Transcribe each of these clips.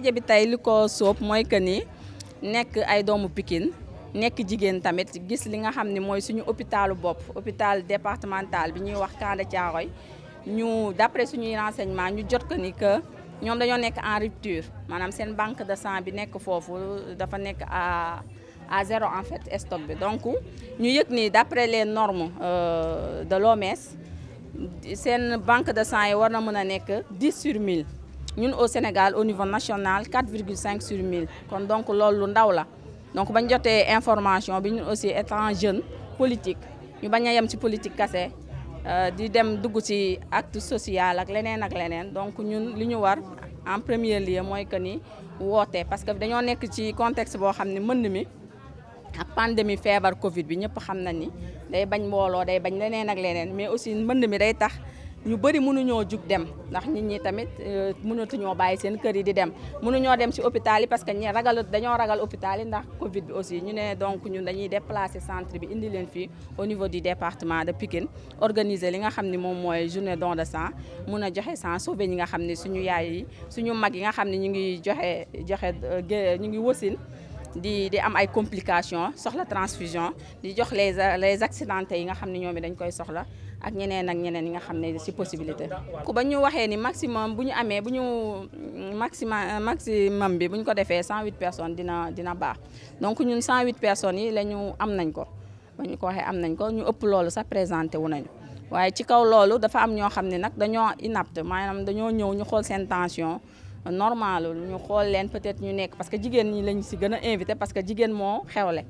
daje bi tay liko ko moy mooy que ni nek ay doomu Pikine nek jigen tamit gis li nga xamni moy suñu hôpitalu bop hôpital départemental bi ñuy wax Camp de Thiaroye ñu d'après suñu renseignement ñu jot ko ni que ñom dañoo nek en rupture manam sen banque de sang bi nek fofu dafa nek à à zéro en fait stock bi donc ñu yek ni d'après les normes euh, de l'OMS sen banque de sang yi war na mën a 10 sur 1000 ñun au Sénégal au niveau national 4,5 sur 1000 donc loolu ndaw la donc bañ jotee information bi ñun aussi étant jeune politique ñu bañ a yem ci politique kase euh, di dem dugg ci acte social ak leneen ak leneen donc ñun li war en premier lieu mooy que ni woote parce que dañoo nekk ci contexte boo xam ne mënd mi pandémie fièvre Covid bi ñëpp xam na ni day bañ mbooloo day bañ leneen ak leneen mais aussi mbënd mi day tax. ñu bëri mënuñoo jug dem ndax nit ñi tamit euh, mënatuñoo bàyyi seen kër yi di dem mënuñoo dem si hôpital yi parce que ñi ragal dañoo ragal hôpital yi ndax Covid bi aussi ñu ne donc ñun dañuy déplacer centre bi indi leen fii au niveau du département de Pikine organiser li nga xam ni moom mooy journée don de sang mun a joxe sang sauver ñi nga xam ne suñu yaay yi suñu mag yi nga xam ne ñu ngi joxe joxe euh, ñu ngi wasin Il y am ay complications soxla transfusion di jox les les accidentés yi nga xam ñoomi dañ koy soxla ak ñeneen ak ñeneen yi maximum buñu maximum bi 108 personnes dina dina baax donc 108 personnes yi lañu am nañ ko bañu ko waxé am nañ ko ñu ëpp loolu sa présenté wu nañ ci kaw dafa inapte tension normal ñu xol leen peut-être ñu nekk parce que jigen ñi lañ si gëna invité parce que jigen mo xewle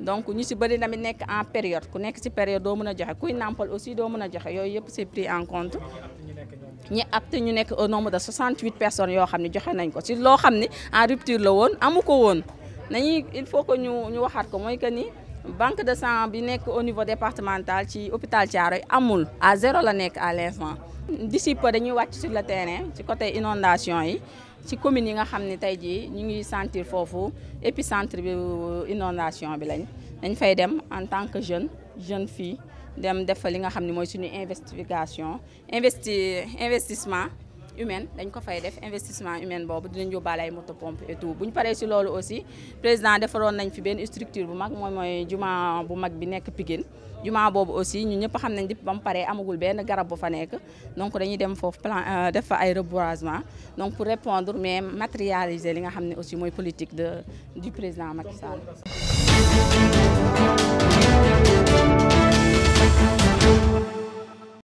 donc ñu si bari tamit nekk en période ku nekk ci période do mëna joxe kuy nampal aussi do mëna joxe yooyu yëpp c'est pris en compte ñi apte ñu nekk au nombre de 68 personnes yo xamni ne joxe nañ ko si lo xamni en rupture la woon amuko ko woon il faut que ñu ñu waxat ko moy que ni banque de sang bi nek au niveau départemental ci hôpital Thiaroye amul à zéro la nek à l'instant d'ici peu dañuy wacc sur le terrain ci côté inondation yi ci communes yi nga xam tay ji ñu ngi sentir fofu épicentre bi inondation bi lañ dañ fay dem en tant que jeune jeune fille dem def li nga xam moy suñu investigation investi investissement humaine dañ ko fay def investissement humaine bobu dinañ moto et tout aussi président nañ fi structure bu juma bu bi juma aussi ñu ñëpp xam nañ di bam paré amagul garab bu donc pour répondre mais matérialiser li politique du président Macky Sall